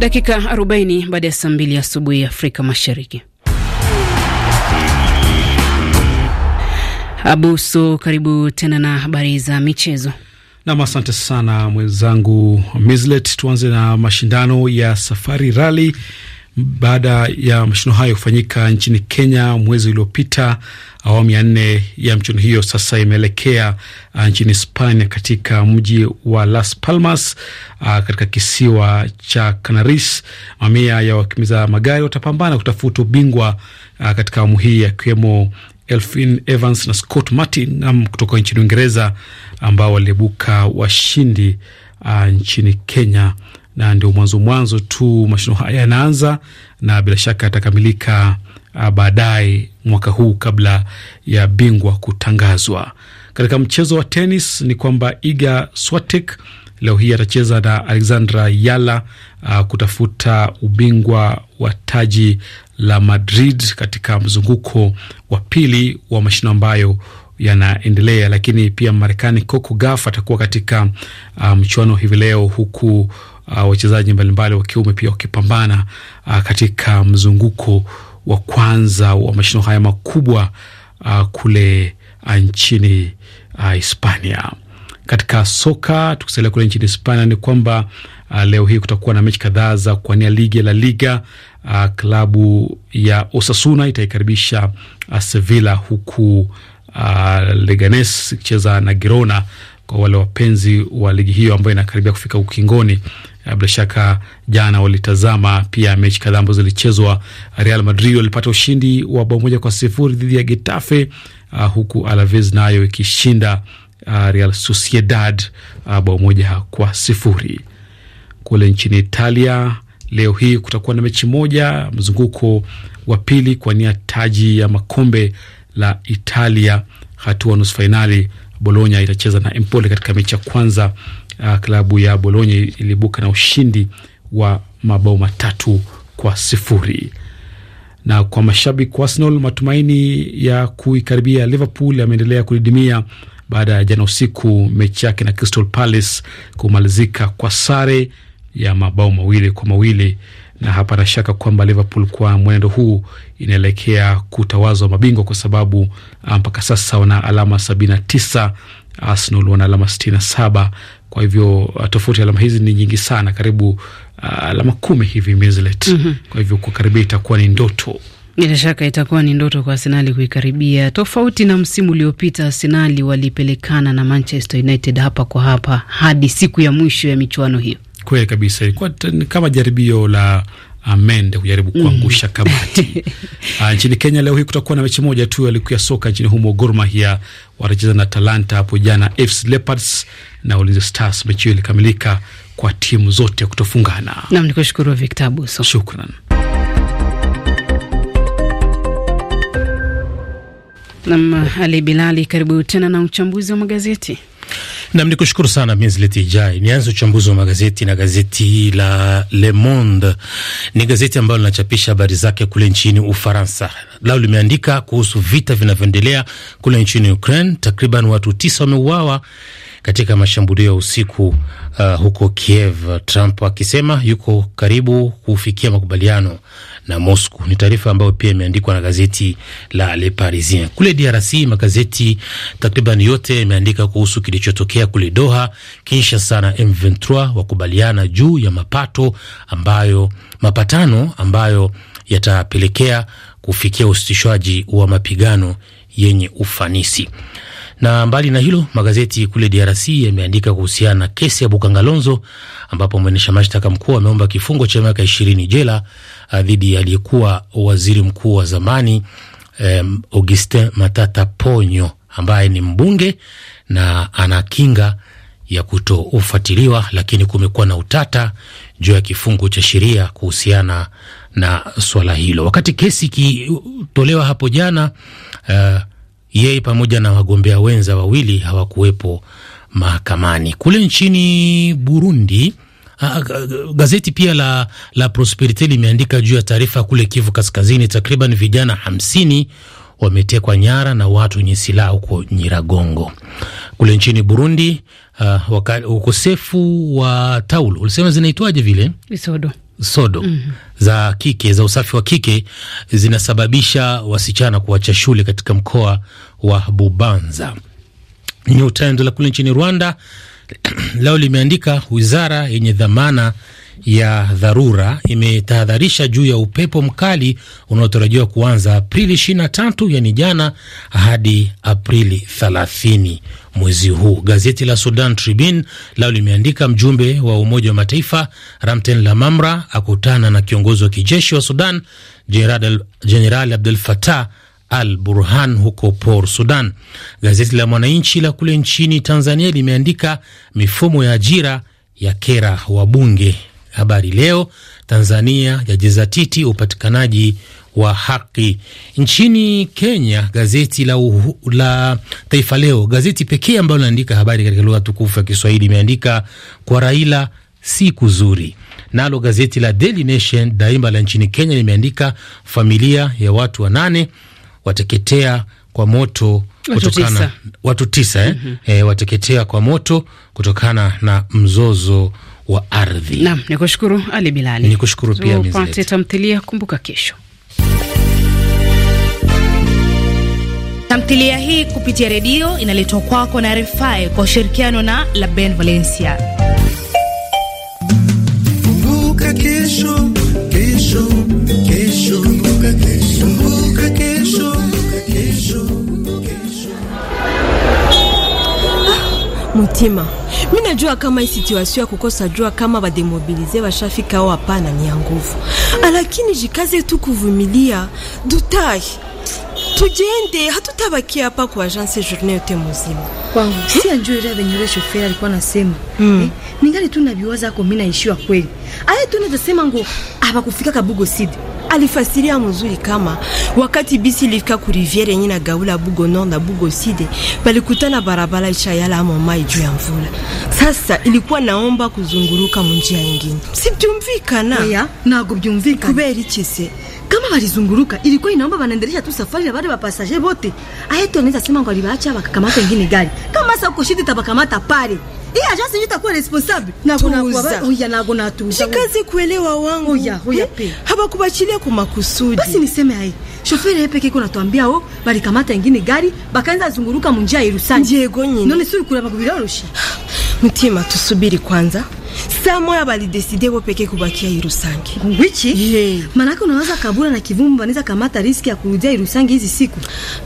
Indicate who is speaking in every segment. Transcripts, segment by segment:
Speaker 1: Dakika 40 baada ya saa 2 asubuhi ya Afrika Mashariki. Abuso, karibu tena na habari za michezo.
Speaker 2: Nam, asante sana mwenzangu Mislet. Tuanze na mashindano ya Safari Rali. Baada ya mashindano hayo kufanyika nchini Kenya mwezi uliopita, Awamu ya nne ya michuano hiyo sasa imeelekea uh, nchini spania katika mji wa Las Palmas uh, katika kisiwa cha Canaris. Mamia ya wakimiza magari watapambana kutafuta ubingwa uh, katika awamu hii akiwemo Evans na Scott Martin um, kutoka nchini Uingereza ambao waliibuka washindi uh, nchini Kenya na ndio mwanzo mwanzo tu mashindano haya yanaanza, na bila shaka yatakamilika Uh, baadaye mwaka huu kabla ya bingwa kutangazwa. Katika mchezo wa tenis ni kwamba Iga Swiatek leo hii atacheza na Alexandra Yala uh, kutafuta ubingwa wa taji la Madrid katika mzunguko wa pili wa mashindano ambayo yanaendelea. Lakini pia Marekani Coco Gauff atakuwa katika uh, mchuano hivi leo huku uh, wachezaji mbalimbali wa kiume pia wakipambana uh, katika mzunguko wa kwanza wa mashindano haya makubwa uh, kule uh, nchini uh, Hispania. Katika soka tukisalia kule nchini Hispania ni kwamba uh, leo hii kutakuwa na mechi kadhaa za kuania ligi ya La Liga. Uh, klabu ya Osasuna itaikaribisha uh, Sevilla huku uh, Leganes ikicheza na Girona. Kwa wale wapenzi wa ligi hiyo ambayo inakaribia kufika ukingoni Eh, bila shaka jana walitazama pia mechi kadhaa ambazo zilichezwa. Real Madrid walipata ushindi wa bao moja kwa sifuri dhidi ya Getafe, uh, huku Alaves nayo ikishinda uh, Real Sociedad uh, bao moja kwa sifuri. Kule nchini Italia leo hii kutakuwa na mechi moja mzunguko wa pili kuwania taji ya makombe la Italia hatua nusu fainali. Bologna itacheza na Empoli katika mechi ya kwanza uh, klabu ya Bologna ilibuka na ushindi wa mabao matatu kwa sifuri. Na kwa mashabiki wa Arsenal, matumaini ya kuikaribia Liverpool yameendelea kudidimia baada ya jana usiku mechi yake na Crystal Palace kumalizika kwa sare ya mabao mawili kwa mawili na na shaka kwamba Liverpool kwa mwenendo huu inaelekea kutawazwa mabingwa kwa sababu ah, mpaka sasa wana alama sabini na tisa Arsenal wana alama sitini na saba. Kwa hivyo uh, tofauti alama hizi ni nyingi sana, karibu uh, alama kumi hivi mm -hmm. Kwa hivyo kukaribia itakuwa ni ndoto
Speaker 1: bila shaka itakuwa ni ndoto kwa Arsenali kuikaribia, tofauti na msimu uliopita. Arsenali walipelekana na Manchester United hapa kwa hapa hadi siku ya mwisho ya michuano hiyo.
Speaker 2: Kweli kabisa, ilikuwa kama jaribio la amende kujaribu kuangusha mm. kamati ah, nchini Kenya. Leo hii kutakuwa na mechi moja tu ya ligi ya soka nchini humo. Gor Mahia watacheza na Talanta hapo jana, AFC Leopards na Ulinzi Stars. Mechi hiyo ilikamilika kwa timu zote kutofungana.
Speaker 1: Nam ni kushukuru Victor Abuso, shukran. Nam Ali Bilali, karibu tena na uchambuzi wa magazeti.
Speaker 3: Nam ni kushukuru sana Minzileti Ijai. Nianze uchambuzi wa magazeti na gazeti la Le Monde. Ni gazeti ambalo linachapisha habari zake kule nchini Ufaransa. Lao limeandika kuhusu vita vinavyoendelea kule nchini Ukraine. Takriban watu tisa wameuawa katika mashambulio ya usiku uh, huko Kiev, Trump akisema yuko karibu kufikia makubaliano na Moscow. Ni taarifa ambayo pia imeandikwa na gazeti la Le Parisien. Kule DRC magazeti takriban yote yameandika kuhusu kilichotokea kule Doha. Kinshasa na M23 wakubaliana juu ya mapato ambayo mapatano ambayo yatapelekea kufikia usitishwaji wa mapigano yenye ufanisi. Na mbali na hilo, magazeti kule DRC yameandika kuhusiana na kesi ya Bukangalonzo ambapo mwendesha mashtaka mkuu ameomba kifungo cha miaka ishirini jela uh, dhidi ya aliyekuwa waziri mkuu wa zamani um, Augustin Matata Ponyo ambaye ni mbunge na ana kinga ya kutofuatiliwa, lakini kumekuwa na utata juu ya kifungo cha sheria kuhusiana na swala hilo. Wakati kesi ikitolewa hapo jana, uh, yeye pamoja na wagombea wenza wawili hawakuwepo mahakamani. Kule nchini Burundi, gazeti pia la, la Prosperite limeandika juu ya taarifa kule Kivu Kaskazini, takriban vijana hamsini wametekwa nyara na watu wenye silaha huko Nyiragongo kule nchini Burundi. Uh, ukosefu wa taulo ulisema zinaitwaje vile sodo mm -hmm. za kike za usafi wa kike zinasababisha wasichana kuacha shule katika mkoa wa Bubanza. Nyotando la kule nchini Rwanda leo limeandika wizara yenye dhamana ya dharura imetahadharisha juu ya upepo mkali unaotarajiwa kuanza Aprili 23 yani jana hadi Aprili 30 mwezi huu. Gazeti la Sudan Tribune lao limeandika mjumbe wa Umoja wa Mataifa Ramten Lamamra akutana na kiongozi wa kijeshi wa Sudan Jenerali abdul fatah Al Burhan huko por Sudan. Gazeti la Mwananchi la kule nchini Tanzania limeandika mifumo ya ajira ya kera wabunge. Habari Leo Tanzania yajizatiti upatikanaji wa haki. Nchini Kenya, gazeti la, uhu, la Taifa Leo, gazeti pekee ambalo linaandika habari katika lugha tukufu ya Kiswahili, imeandika kwa Raila si kuzuri. Nalo gazeti la Daily Nation daima la nchini Kenya limeandika familia ya watu wanane wateketea kwa moto kutokana, watu tisa, watu tisa eh? mm -hmm. E, wateketea kwa moto kutokana na mzozo wa ardhi.
Speaker 1: Naam, nikushukuru Ali Bilali.
Speaker 3: Nikushukuru pia mzee. Tupate
Speaker 1: tamthilia kumbuka kesho. Tamthilia hii kupitia redio inaletwa kwako na RFI
Speaker 4: kwa ushirikiano na Ben Valencia.
Speaker 5: Kumbuka kesho, kesho, kesho, kumbuka kesho, kumbuka kesho,
Speaker 4: kesho, kesho. minajua kama isituasio ya kukosa jua kama bademobilize washafika au hapana, ni ya nguvu, alakini jikaze tu kuvumilia dutai tugende hatutabakia hapa kwa agence journée yote muzima kwangu si ajue ile venye yule shoferi alikuwa anasema mm. eh, ningali tu naviwaza ako mimi naishiwa kweli ale tu naweza ngo ngo kufika kabugo sidi alifasiria mzuri kama wakati bisi ilifika ku riviere yenye na gaula bugo nord na bugo side balikutana barabara ishayala ama mai juu ya mvula. Sasa ilikuwa naomba kuzunguruka munjia nyingine, sibyumvikana ya nago byumvikana kubera iki se walizunguruka, ilikuwa inaomba wanaendelesha tu safari na wale wapasaje wote. Ahetu anaweza sema ngo alibaacha wakakamata wengine gari kama sasa uko shida, tabakamata pale hii ajansi ndio itakuwa responsible na kuna kwa oya na kuna tu shikazi kuelewa wangu oya huya pe habakubachilia kwa makusudi. Basi niseme hai Shofere yake kiko natuambia o bali kamata ingine gari bakaanza zunguruka munjia Yerusalemu. Ndiye gonyine. None suri kula bakubira roshi. Mtima tusubiri kwanza saa moja balideside wo peke kubakia Irusangi. Wichi? Yeah. Manake unaweza kabula na kivumu niza kamata riski ya kurudia Irusangi hizi siku.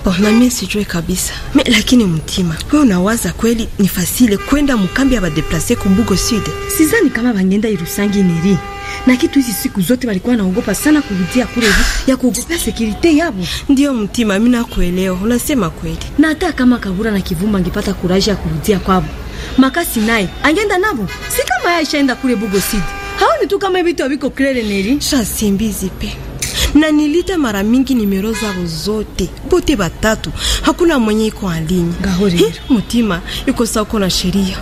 Speaker 4: Bo, na mimi sijui kabisa. Me, lakini mtima. Wewe unawaza kweli ni fasile kwenda mukambi ya badeplace kumbugo sud. Sizani kama bangenda Irusangi niri. Na kitu hizi siku zote walikuwa naogopa sana kurudia kule hivi ya kuogopea sekirite yabo. Ndio mtima, mimi nakuelewa. Unasema kweli. Na hata kama kabula na kivumba angepata kuraji ya kurudia kwabo makasi naye angenda nabo, si kama yeye aishaenda kule Bugosidi. Haoni tu kama vitu haviko klere neri shasimbizi pe na nilita mara mingi nimero zabo zote bote batatu, hakuna mwenye iko alini eh, Mutima iko sa uko na sheria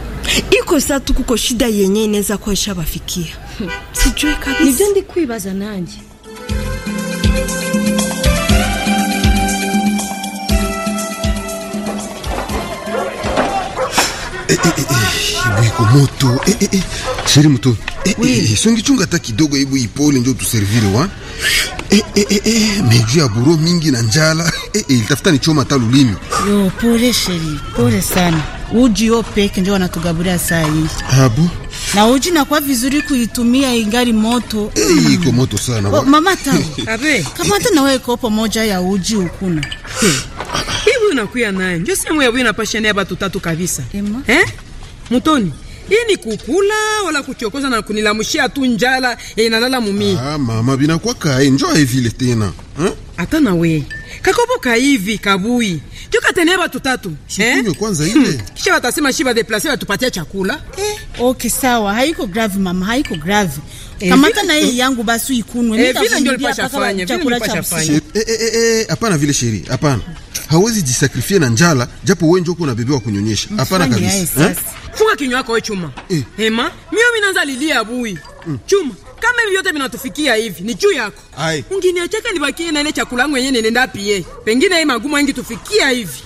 Speaker 4: iko sa tu, kuko shida yenye inaweza kuwa ishabafikia. Hmm. Sijui kabisa, nivyo ndikwibaza nanje
Speaker 5: Eh, eh, eh, wiko moto sheri mto chunga ta kidogo, ibu ipole njo tuservire wa meju ya buro mingi na njala ilitafuta ni choma ta lulimi.
Speaker 1: Yo, pole sheri, pole sana. Uji
Speaker 6: yo peke ndio wanatugaburia saa hii abu na uji nakuwa vizuri kuitumia ingari moto. Hey, iko moto sana wa. Mama tawe abe kama hata nawe kopo moja ya uji
Speaker 7: ukuna hey nakuya naye njo sehemu ya bwina pasha naye tatu kabisa Eh? Mutoni hii ni kukula wala kuchokoza na kunilamshia tu njala e inalala mumi. Ah, mama binakuwa ka enjoy vile tena. Ha? Eh? Hata na we. Kakopo hivi kabui. Joka tena watu tatu. Eh? Kwanza ile. Hmm. Kisha watasema shiba de place watupatia chakula. Eh. Okay sawa, haiko grave mama, haiko grave. Eh, Kamata na hii
Speaker 6: yangu basi ikunwe. Eh, vile ndio lipasha fanya, vile lipasha fanya. Eh,
Speaker 7: eh, eh, eh, hapana
Speaker 5: vile sheri, hapana. Hawezi jisakrifia na njala japo wewe ndio uko na bebe wa kunyonyesha. Hapana kabisa.
Speaker 7: Eh? funga kinywa yako we Chuma eh. Hema, mimi mimi naanza lilia abui mm. Chuma kama hivi vyote vinatufikia hivi ni juu yako. Ai. Unginiachaka nibakie na ile chakula yangu yenyewe nenda pie. Pengine hii magumu yangu tufikia hivi.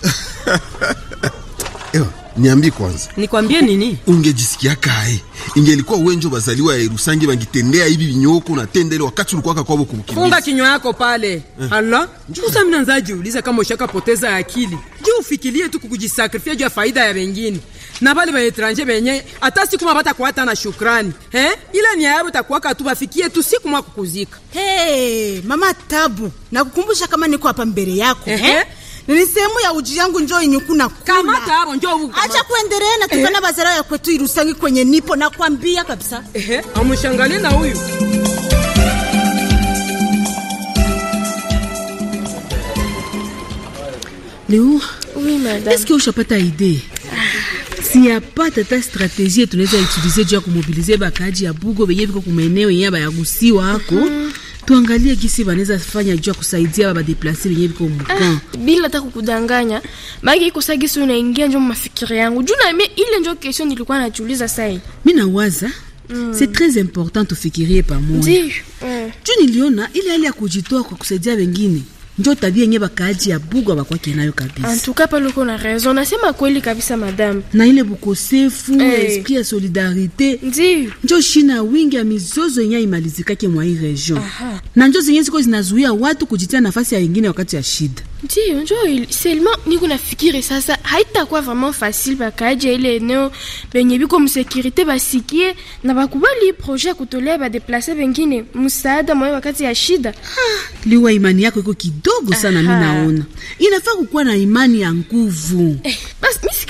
Speaker 5: Ewa niambi kwanza,
Speaker 7: nikwambie nini?
Speaker 5: Ungejisikia kai ingelikuwa wenjo bazaliwa ya Irusangi bangitendea hivi vinyoko na tendele wakati ulikuwa kwako kumkimbiza. Funga
Speaker 7: kinywa yako pale eh. Allah njoo sasa, mimi naanza jiuliza kama ushakapoteza akili je, ufikirie tu kukujisakrifia juu ya faida ya wengine na bale ba etranje benye hata siku mabata kwa na shukrani eh, ile ni ayabu takuwaka tu bafikie tu siku mwa kukuzika. Hey mama Tabu, nakukumbusha kama niko hapa mbele
Speaker 6: yako eh, eh? ni sehemu ya uji yangu, njoo inyuku na kula. kama tabo, njoo huko. Acha kuendelea na tukana eh. bazara ya kwetu irusangi kwenye nipo, na kwambia kabisa. Ehe, amshangalie na huyu Leo, oui madame. Est-ce que ushapata idee? Siyapata ta strategie tunaweza utiliser juu ya kumobilize bakaji ya bugo benye viko yaba ya gusiwa hako. Mm -hmm tuangalie gisi wanaweza fanya juu kusaidia baba badeplase wenyewe viko mkan ah,
Speaker 8: bila ta kukudanganya maake ikosa gisi unaingia njo mafikiri yangu juu na ile njo question nilikuwa najiuliza hivi
Speaker 6: mimi nawaza Mm. C'est très important tufikirie pamoja. Ndio. Mm. Eh. Juu niliona ile hali ya kujitoa kwa kusaidia wengine njo tabia yenye bakaaji ya bugu bakwake nayo kabisa.
Speaker 8: Antuka pale uko na raison, nasema kweli kabisa madame,
Speaker 6: na ile bukosefu hey, eh. esprit
Speaker 8: ya solidarite ndi njo shina wingi ya mizozo yenye
Speaker 6: imalizikake mwa hii region, na njo zenye ziko zinazuia watu kujitia nafasi ya wengine wakati ya shida
Speaker 8: ndio njo selma niko nafikiri sasa haitakuwa vraiment facile bakaja ile eneo benye biko msekirite basikie na bakubali projet ya kutolea badeplase bengine msaada mwayo wakati ya shida. Ah,
Speaker 6: liwa, imani yako iko kidogo sana. mi naona inafaa kukuwa na imani ya nguvu
Speaker 8: eh,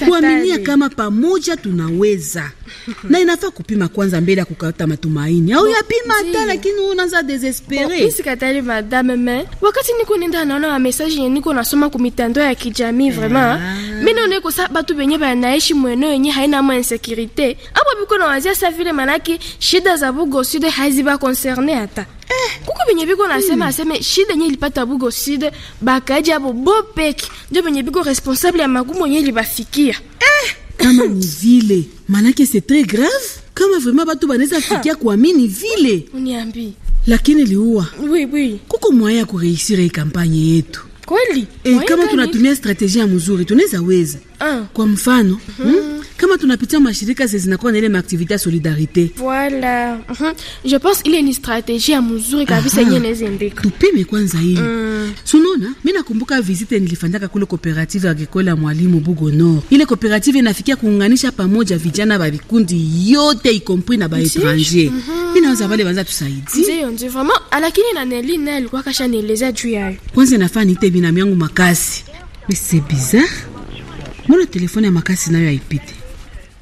Speaker 8: kuaminia
Speaker 6: kama pamoja tunaweza na inafaa kupima kwanza mbele ya kukata matumaini au yapima
Speaker 8: hata, lakini unaanza desespere. Misikatali madame, me wakati niko nenda naona wa message yenye niko nasoma kumitandao ya kijamii vraiment ah. mi naone kosa batu benye banaishi mweneo yenye haina ma insekurité apo biko nawazia sa vile manake shida za Bugo Sud haziba koncerne hata eh. kuko benye biko nasema hmm. aseme shida yenye ilipata Bugo Sud bakaji apo bo peke ndio benye biko responsable ya magumu yenye libafikia eh. kama
Speaker 6: ni vile manake c'est très grave kama vraiment batu banaweza fikia kuamini vile uniambi lakini liua oui, oui. kuko mwaya ya kureisira ikampanye yetu Kweli e, kama tunatumia strategia mzuri tunaweza weza Ah. Kwa mfano mm -hmm. Kama tunapitia mashirika zinakuwa na ile maaktivite ya solidarite
Speaker 8: voilà. mm -hmm. Je pense ile ni strategia mzuri kabisa yenye inaweza
Speaker 6: Tupime kwanza hii
Speaker 8: mm. Sunona, mimi
Speaker 6: nakumbuka visite nilifanyaka kule cooperative agricole ya Mwalimu Bugo Nord. Ile cooperative inafikia kuunganisha pamoja vijana wa vikundi yote ikompris na ba étranger mm -hmm. Mimi nawaza wale wanza tusaidie,
Speaker 8: ndio ndio vraiment, ah, lakini na Nelly naye kashanielezea juu yayo.
Speaker 6: Kwanza nafanya nite binamu yangu makasi, mais c'est bizarre mbona telefone ya makasi nayo haipite?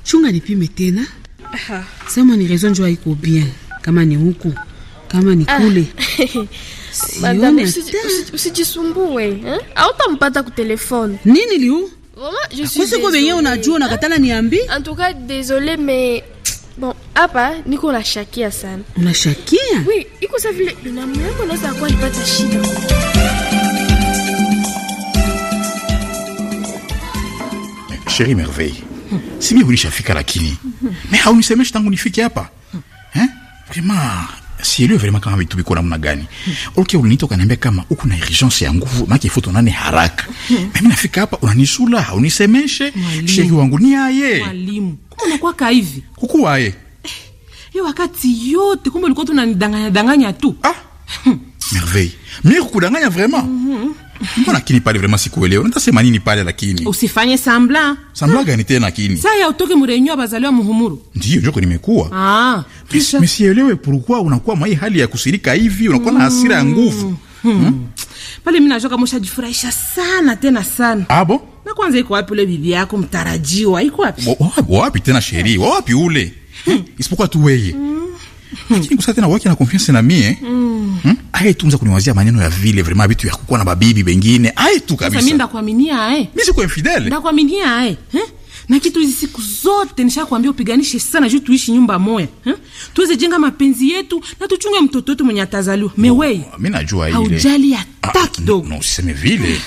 Speaker 6: Chunga nipime tena. Aha. Sema ni raison njo haiko bien. Kama ni huku,
Speaker 8: kama ni ah. kule. usijisumbue, eh? tampata ku telefone. Nini liu? Mama, je suis Kwa sababu yenyewe unajua unakatala niambi? En tout cas, désolé mais Bon, hapa niko na shakia sana. Unashakia? Oui, iko sa vile binadamu yangu anaweza kuwa ipata shida.
Speaker 5: Chérie Merveille, singekuishafika lakini me haunisemeshi tangu nifike hapa eh? Vraiment sielewe vraiment kama vitu viko namna gani. Okay, uliniita ukaniambia kama uko na urgence ya nguvu, maana ifuto nane haraka. Mimi nafika hapa unanisula, haunisemeshe. Shehi wangu ni aye.
Speaker 9: Mwalimu, kama unakuwa ka hivi. Kukuwa aye. Hiyo wakati yote kumbe ulikuwa tunanidanganya danganya tu. Ah. Merveille. Mimi kukudanganya vraiment. Mm -hmm. Mbona
Speaker 5: kini pale vraiment sikuelewa. Nitasema nini pale lakini?
Speaker 9: Usifanye sambla.
Speaker 5: Sambla ha, gani tena kini? Sasa
Speaker 9: ya utoke mrenyo abazaliwa muhumuru.
Speaker 5: Ndio njoko nimekuwa.
Speaker 9: Ah. Mis, msielewe pourquoi unakuwa
Speaker 5: mwa hali ya kusirika hivi, unakuwa na hasira ya nguvu.
Speaker 9: Hmm. Hmm. hmm? Pale mimi najoka mshajifurahisha sana tena sana. Abo? Na kwanza iko wapi ule bibi yako mtarajiwa? Iko wapi?
Speaker 5: Wapi tena sheri? Wapi ule? Hmm. Isipokuwa tu wewe. Hmm
Speaker 9: lakini kusa tena wake
Speaker 5: na confiance na mie mm. hmm? aye tu mza kuniwazia maneno ya vile vraiment vitu ya kukuwa na babibi bengine
Speaker 9: aye tu kabisa mimi ndakuaminia aye eh? mimi siko infidele ndakuaminia aye eh? na kitu hizi siku zote nishakwambia upiganishe sana juu tuishi nyumba moya eh? tuweze jenga mapenzi yetu na tuchunge mtoto wetu mwenye atazaliwa mewei oh, no,
Speaker 5: mimi najua ile haujali ah, hata ah, kidogo no, useme vile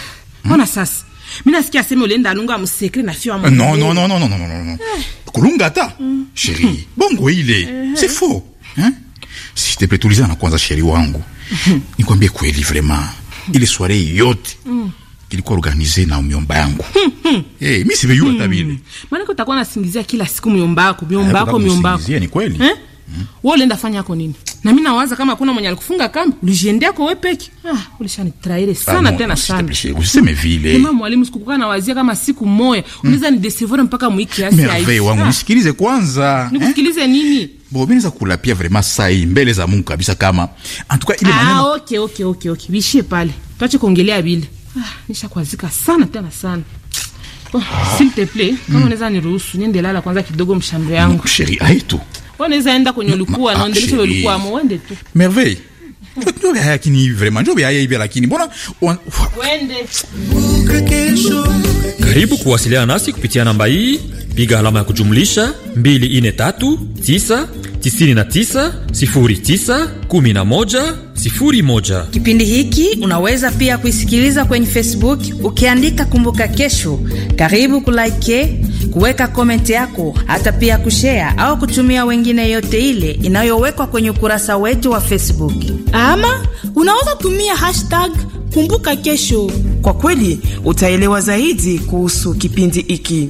Speaker 9: hmm? ona sasa mimi nasikia aseme ulienda anunga msekre na fio amu no no no
Speaker 5: no no no no eh. kulunga ta mm. sheri bongo ile eh. c'est faux eh? na kwanza sheri wangu hmm. nikwambie kweli, vrema hmm. ile soiree yote mm. ilikuwa organize na myomba yangu
Speaker 9: hmm, eh, mimi sivyo hata vile, maana utakuwa nasingizia kila siku myomba yako myomba eh, yako myomba yako, ni kweli eh? Hmm. Wewe ulienda fanya yako nini? Na mimi nawaza kama kuna mwenye alikufunga kambi, ulijiendea kwa wewe peke. Ah, ulishani traire sana tena
Speaker 5: sana. Usiseme vile. Kama
Speaker 9: mwalimu sikukuwa na wazia kama siku moja, unaweza mm. ni desivore mpaka mwiki asiye. Mimi wangu ah.
Speaker 5: nisikilize kwanza.
Speaker 9: Nikusikilize eh? nini?
Speaker 5: Bon, mimi naweza kulapia vraiment saa mbele za Mungu kabisa kama
Speaker 9: en tout cas ile ah, maneno. Ah, okay okay okay okay. Bishie pale. Tuache kuongelea bile. Ah, nishakwazika sana tena sana. Oh, s'il te plaît, kama ah. unaweza niruhusu niende lala kwanza kidogo mshambe yangu. No, chérie, aito. enda kwenye ulikuwa na ndelisho ah, ulikuwa amo wende tu.
Speaker 5: Merveille. Ndio haya kini vraiment ndio haya hivi lakini mbona
Speaker 9: wende.
Speaker 3: Karibu kuwasiliana nasi kupitia namba hii piga alama ya kujumlisha 24399909101.
Speaker 1: Kipindi hiki unaweza pia kuisikiliza kwenye Facebook ukiandika Kumbuka Kesho. Karibu kulike, kuweka komenti yako, hata pia kushea au kutumia wengine, yote ile inayowekwa kwenye ukurasa wetu wa Facebook, ama unaweza tumia hashtag Kumbuka Kesho.
Speaker 6: Kwa
Speaker 7: kweli utaelewa zaidi kuhusu kipindi hiki.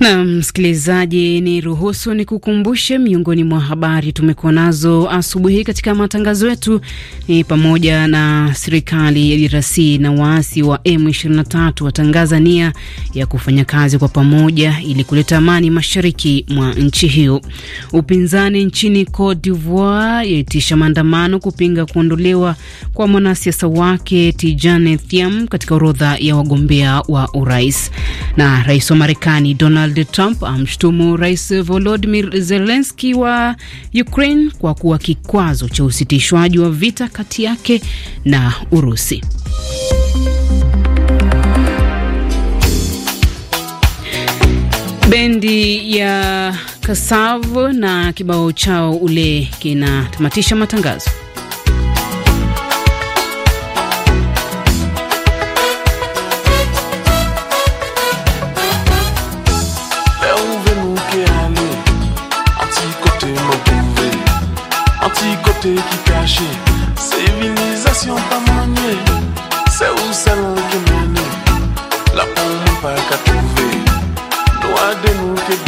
Speaker 1: Na msikilizaji, ni ruhusu ni kukumbushe miongoni mwa habari tumekuwa nazo asubuhi katika matangazo yetu ni pamoja na serikali ya DRC na waasi wa M23 watangaza nia ya kufanya kazi kwa pamoja ili kuleta amani mashariki mwa nchi hiyo. Upinzani nchini Cote d'Ivoire yaitisha maandamano kupinga kuondolewa kwa mwanasiasa wake Tijane Thiam katika orodha ya wagombea wa urais. Na rais wa Marekani Donald Donald Trump amshutumu Rais volodimir zelenski wa Ukraine kwa kuwa kikwazo cha usitishwaji wa vita kati yake na Urusi. Bendi ya Kasav na kibao chao ule kinatamatisha matangazo.
Speaker 2: didn't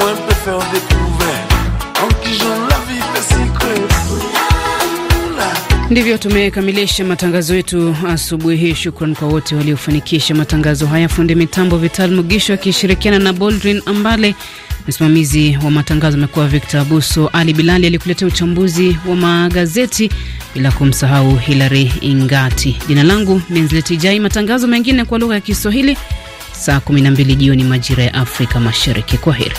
Speaker 7: la
Speaker 1: Ndivyo tumekamilisha matangazo yetu asubuhi hii. Shukran kwa wote waliofanikisha matangazo haya. Fundi mitambo Vital Mugisho akishirikiana na Boldrin Ambale. Msimamizi wa matangazo amekuwa Victor Abuso. Ali Bilali alikuletea uchambuzi wa magazeti, bila kumsahau Hilary Ingati. Jina langu Minzleti Jai. Matangazo mengine kwa lugha ya Kiswahili saa 12 jioni majira ya Afrika Mashariki. Kwa heri.